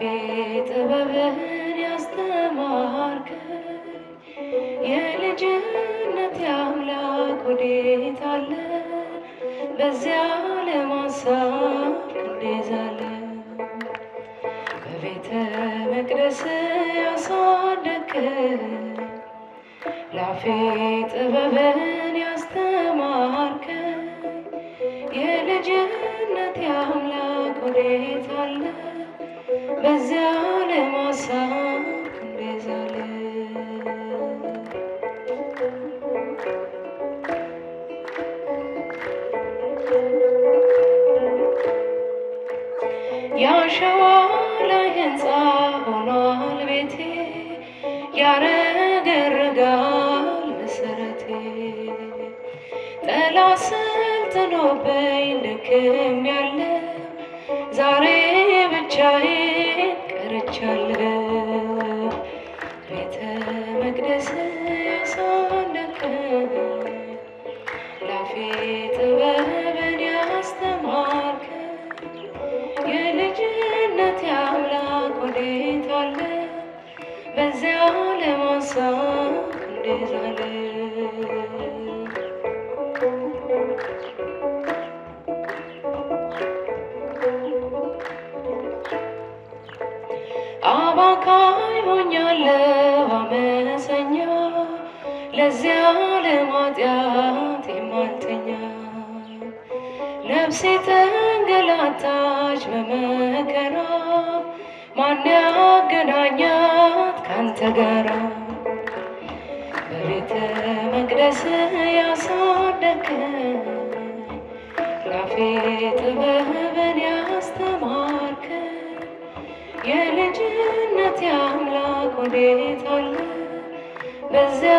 ጥበብህን ያስተማርከኝ የልጅነት የአምላክ ወዴት አለ? በዚያ ለማሳቅ እንዴት አለ? በቤተ መቅደስ ያሳደግከኝ ላፌ ጥበብህን ያስተማርከኝ የልጅነት የአምላክ ወዴት አለ? በዚያ ለማሳብ እንደዛለ ያሸዋ ላይ ህንፃ ሆኗል ቤቴ ያረገረጋል መሰረቴ ጠላ ስልጥኖበኝ ደክም ያለ ዛሬ ብቻዬ በፊት ጥበብን አምላክ ወዴት በዚያ ለማሳቅ እንዴት አለ በዚያ ለማጥያት የማልተኛ ነፍሴ ተንገላታች በመከራ ማን ያገናኛት ካንተ ጋራ በቤተ መቅደስ ያሳደከ ላፌ ጥበብን ያስተማርከ የልጅነት አምላክ ወዴት አለ በዚያ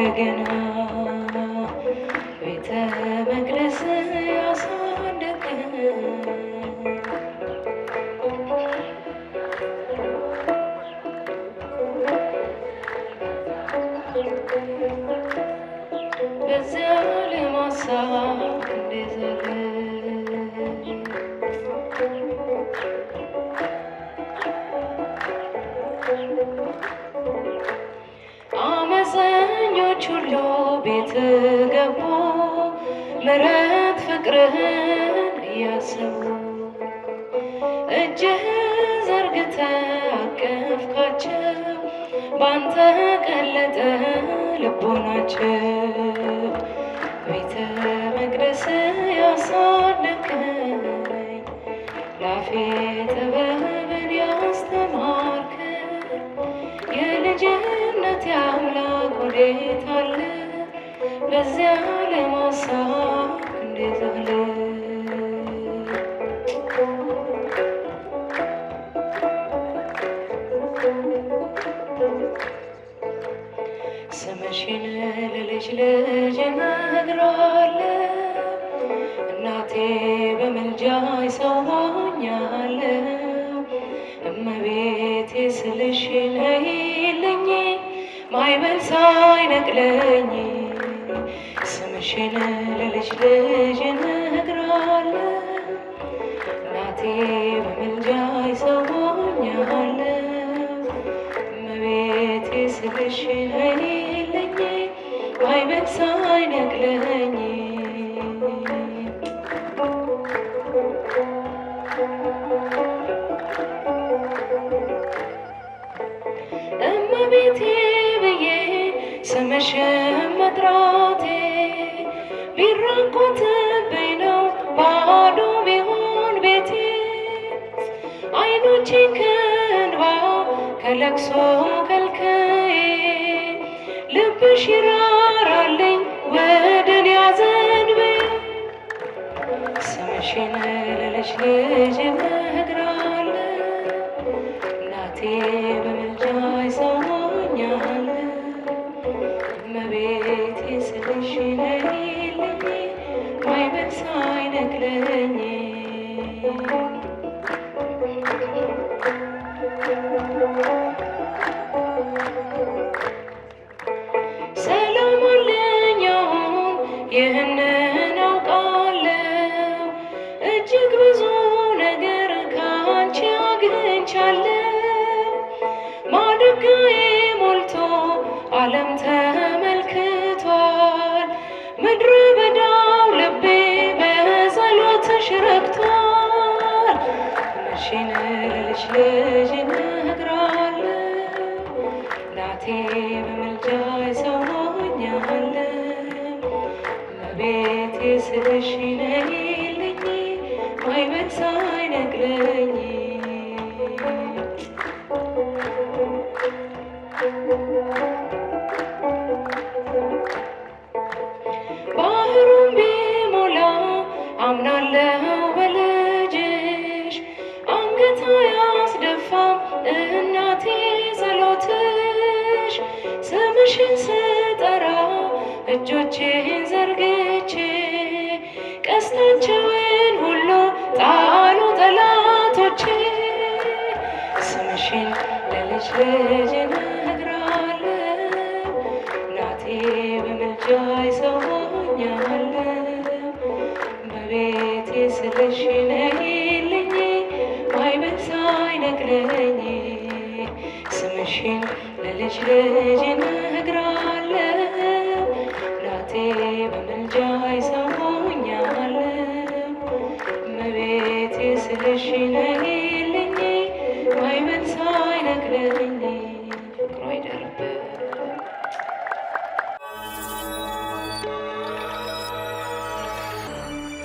እንደገና ቤተ መቅደስ ያሳደገን በዚያ ለማሳብ እንደዘገ Thank you. ምረት ፍቅርህን እያሰቡ እጅህ ዘርግተ አቀፍካቸው ባንተ ቀለጠ ልቦናቸው ቤተ መቅደስ ያሳደከኝ ላፌ ጥበብን ያስተማርከኝ የልጅነት የአምላክ ወዴታ በዚያ ለማሳ እንዴት አለ ስምሽን ለልጅ ልጅ እነግረዋለሁ እናቴ በምልጃሽ ሰዋኛለሁ እመቤቴ ስልሽን እይልኝ ማይበል አይነቅለኝ! ስምሽን ለልጅ ልጅ ነግራለ እናቴ ከለቅሶ ከልክዬ ልብሽ ይራራልኝ ወደን ያዘንብ ስምሽን ልልሽ ልጅ ነግራለ እናቴ በምልጃይ ሰሞኛል መቤቴ ስልሽ ነይልኝ ማይበሳ አይነግረኝ ሰላም አለኝ አሁን ይህንን አውቃለሁ። እጅግ ብዙ ነገር ከአንቺ አግኝቻለሁ። ማደጋዬ ሞልቶ ዓለም ተመልክቷል። ምድረ በዳው ልቤ በጸሎት ተሽረግቷል። መሽን ልጅ አዳኝ ሰው ሆኛለሁ። ለቤቴ ስልሽ ነይልኝ ማይበት ስምሽን ስጠራ እጆቼን ዘርግቼ ቀስታቸውን ሁሉ ጣሉ ጠላቶቼ ስምሽን ለልጅ ያደረግሽኝ ለልጅ ልጅ እነግራለሁ። ራቴ በምልጃ ይሰማኛል። እመቤቴ ስልሽ ነይልኝ ባይመን ሳይነግረኝ ፍቅሯ ይደርብን።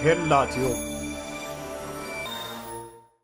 ሄላ